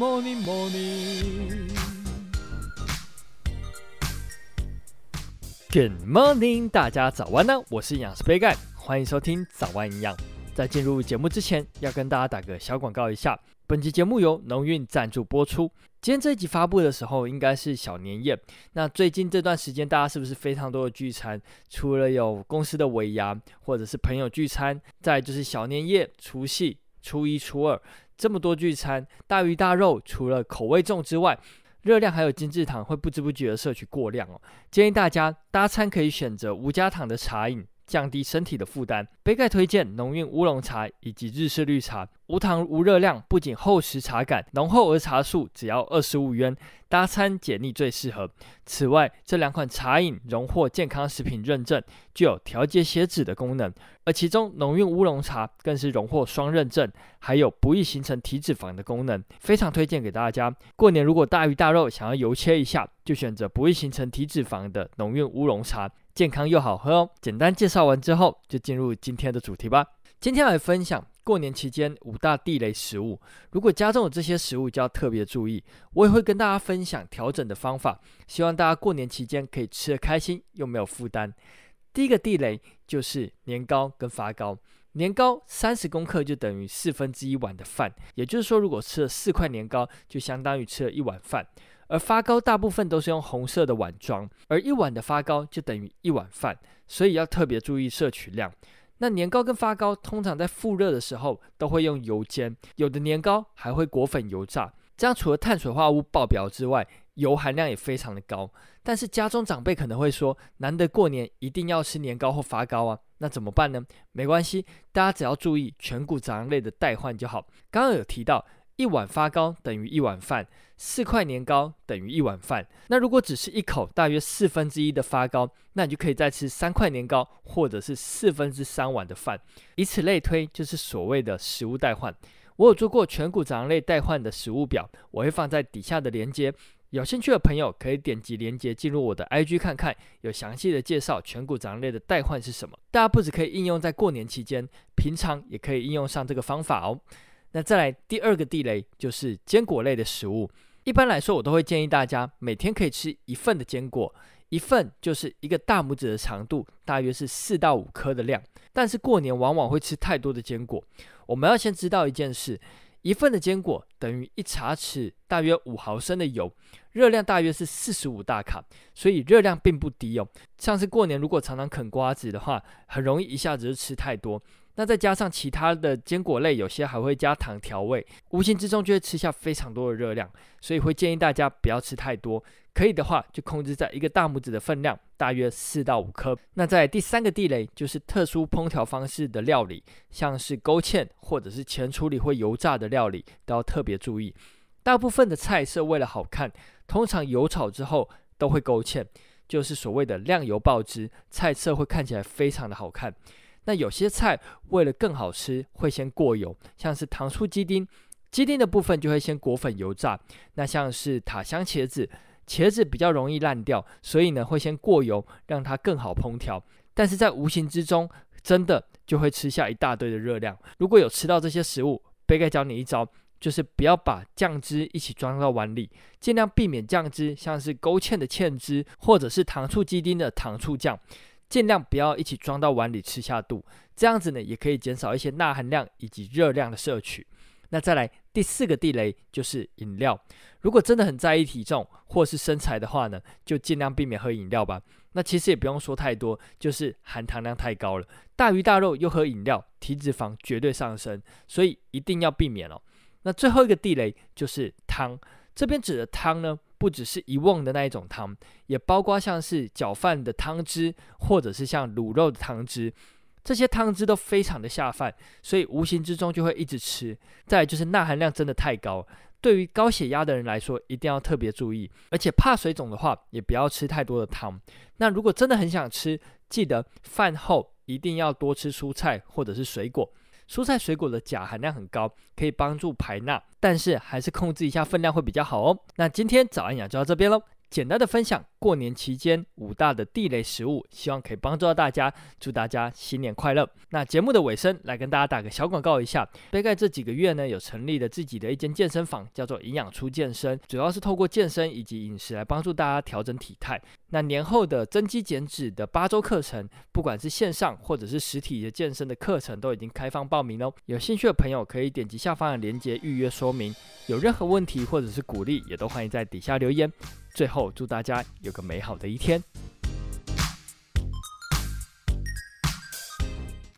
Good、morning, morning. Good morning，大家早安呢、啊！我是營養師杯蓋，歡迎收聽早安營養。在進入節目之前，要跟大家打個小廣告一下。本期節目由濃韻贊助播出。今天這一集發布的時候，應該是小年夜。那最近這段時間，大家是不是非常多的聚餐？除了有公司的尾牙，或者是朋友聚餐，再就是小年夜、除夕、初一、初二。這麼多聚餐，大魚大肉，除了口味重之外，熱量還有精緻糖會不知不覺地攝取過量哦。建議大家搭餐可以選擇無加糖的茶飲，降低身體的負擔。杯蓋推薦濃韻烏龍茶以及日式綠茶，無糖無熱量，不僅厚實茶感，濃厚兒茶素，只要二十五元。搭餐解膩最適合。此外，這兩款茶飲榮獲健康食品認證，具有調節血脂的功能。而其中濃韻烏龍茶更是榮獲雙認證，還有不易形成體脂肪的功能，非常推薦給大家。過年如果大魚大肉，想要油切一下，就選擇不易形成體脂肪的濃韻烏龍茶，健康又好喝哦。簡單介紹完之後，就進入今天的主題吧。今天來分享。過年期間五大地雷食物，如果家中有這些食物，就要特別注意。我也會跟大家分享調整的方法，希望大家過年期間可以吃得開心又沒有負擔。第一個地雷就是年糕跟發糕。年糕三十公克就等於四分之一碗的飯，也就是說如果吃了四塊年糕，就相當於吃了一碗飯。而發糕大部分都是用紅色的碗裝，而一碗的發糕就等於一碗飯，所以要特別注意攝取量。那年糕跟發糕通常在復熱的時候都會用油煎，有的年糕還會裹粉油炸，這樣除了碳水化物爆表之外，油含量也非常的高。但是家中長輩可能會說，難得過年一定要吃年糕或發糕啊，那怎麼辦呢？沒關係，大家只要注意全穀雜糧類的代換就好。剛剛有提到。一碗發糕等於一碗飯，四塊年糕等於一碗飯。那如果只是一口大約四分之一的發糕，那你就可以再吃三塊年糕，或者是四分之三碗的飯。以此類推，就是所謂的食物代換。我有做過全穀雜糧類代換的食物表，我會放在底下的鏈接，有興趣的朋友可以點擊鏈接進入我的 IG 看看，有詳細的介紹全穀雜糧類的代換是什麼。大家不只可以應用在過年期間，平常也可以應用上這個方法哦。那再來第二個地雷就是堅果類的食物。一般來說，我都會建議大家每天可以吃一份的堅果，一份就是一個大拇指的長度，大約是四到五顆的量。但是過年往往會吃太多的堅果。我們要先知道一件事：一份的堅果等於一茶匙，大約五毫升的油。熱量大約是四十五大卡，所以熱量並不低哦。像是過年如果常常啃瓜子的話，很容易一下子就吃太多。那再加上其他的堅果類，有些還會加糖調味，無形之中就會吃下非常多的熱量。所以會建議大家不要吃太多，可以的話就控制在一個大拇指的分量，大約四到五顆。那在第三個地雷就是特殊烹調方式的料理，像是勾芡或者是前處理會油炸的料理，都要特別注意。大部分的菜色為了好看，通常油炒之後都會勾芡，就是所謂的亮油爆汁，菜色會看起來非常的好看。那有些菜為了更好吃，會先過油，像是糖醋雞丁，雞丁的部分就會先裹粉油炸。那像是塔香茄子，茄子比較容易爛掉，所以呢會先過油，讓它更好烹調。但是在無形之中，真的就會吃下一大堆的熱量。如果有吃到這些食物，杯蓋教你一招。就是不要把醬汁一起裝到碗裡，盡量避免醬汁，像是勾芡的芡汁，或者是糖醋雞丁的糖醋醬，盡量不要一起裝到碗裡吃下肚。這樣子呢，也可以減少一些鈉含量以及熱量的攝取。那再來第四個地雷就是飲料，如果真的很在意體重或是身材的話呢，就盡量避免喝飲料吧。那其實也不用說太多，就是含糖量太高了，大魚大肉又喝飲料，體脂肪絕對上升，所以一定要避免哦。那最後一個地雷就是湯，這邊指的湯呢，不只是一碗的那一種湯，也包括像是攪飯的湯汁，或者是像滷肉的湯汁，這些湯汁都非常的下飯，所以無形之中就會一直吃。再就是鈉含量真的太高，對於高血壓的人來說一定要特別注意，而且怕水腫的話也不要吃太多的湯。那如果真的很想吃，記得飯後一定要多吃蔬菜或者是水果。蔬菜水果的鉀含量很高，可以幫助排鈉，但是還是控制一下分量會比較好哦。那今天早安營養就到這邊嘍，簡單的分享。過年期間，五大的地雷食物，希望可以幫助到大家。祝大家新年快樂！那節目的尾聲，來跟大家打個小廣告一下。杯蓋這幾個月呢，有成立了自己的一間健身房，叫做“營養初健身”，主要是透過健身以及飲食來幫助大家調整體態。那年後的增肌減脂的八週課程，不管是線上或者是實體的健身的課程，都已經開放報名嘍。有興趣的朋友可以點擊下方的鏈接預約。說明有任何問題或者是鼓勵，也都歡迎在底下留言。最後，祝大家有。有個美好的一天。